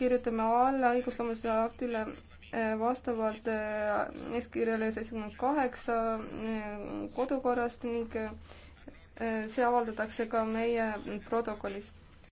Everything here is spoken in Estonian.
kirjutame alla õigusloomulisele aktile eh, vastavalt eh, eeskirjale seitsekümmend kaheksa eh, kodukorrast ning see avaldatakse ka meie protokollis